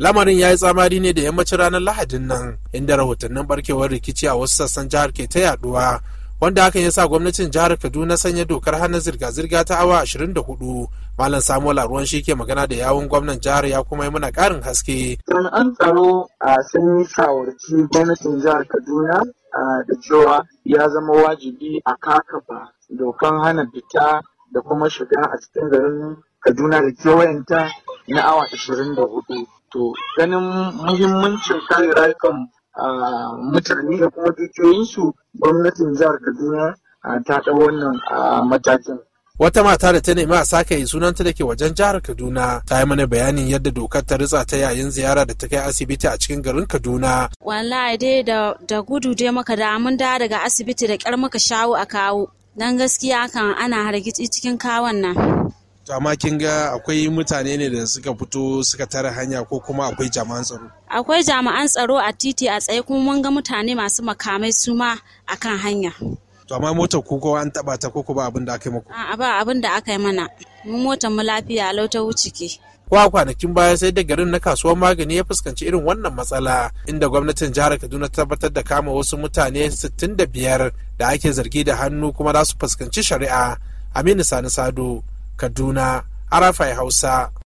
lamarin ya yi tsamari ne da yammacin ranar lahadin nan inda rahotannin barkewar rikici a wasu sassan jihar ke ta yaduwa wanda hakan ya sa gwamnatin jihar kaduna sanya dokar hana zirga-zirga ta awa 24 malam samuel ruwan shi ke magana da yawun gwamnan jihar ya kuma yi mana karin haske jami'an tsaro sun yi shawarci gwamnatin jihar kaduna da cewa ya zama wajibi a kakaba dokan hana fita da kuma shiga a cikin garin kaduna da kewayenta na awa 24 to ganin muhimmancin kare rayukan ah, mutane da kuma dukiyoyinsu gwamnatin jihar kaduna ah, ta ɗau wannan ah, matakin wata mata da ta nemi a sake yi sunanta da ke wajen jihar kaduna ta yi mana bayanin yadda dokar ta ritsa ta yayin ziyara da ta kai asibiti a cikin garin kaduna wallahi dai da, gudu dai maka da mun da daga asibiti da kyar maka shawo a kawo dan gaskiya kan ana hargitsi cikin kawon nan to amma kin ga akwai mutane ne da suka fito suka tara hanya ko kuma akwai jama'an tsaro akwai jama'an tsaro a titi a tsaye kuma mun ga mutane masu makamai su ma kan hanya to amma motar ko an taba ta ko ba abin da aka yi muku a ba abin da aka yi mana mun motar mu lafiya lau ta wuce ke a kwanakin baya sai da garin na kasuwar magani ya fuskanci irin wannan matsala inda gwamnatin jihar kaduna ta tabbatar da kama wasu mutane 65 da ake zargi da hannu kuma za su fuskanci shari'a aminu sani sado Kaduna, Arafai Hausa.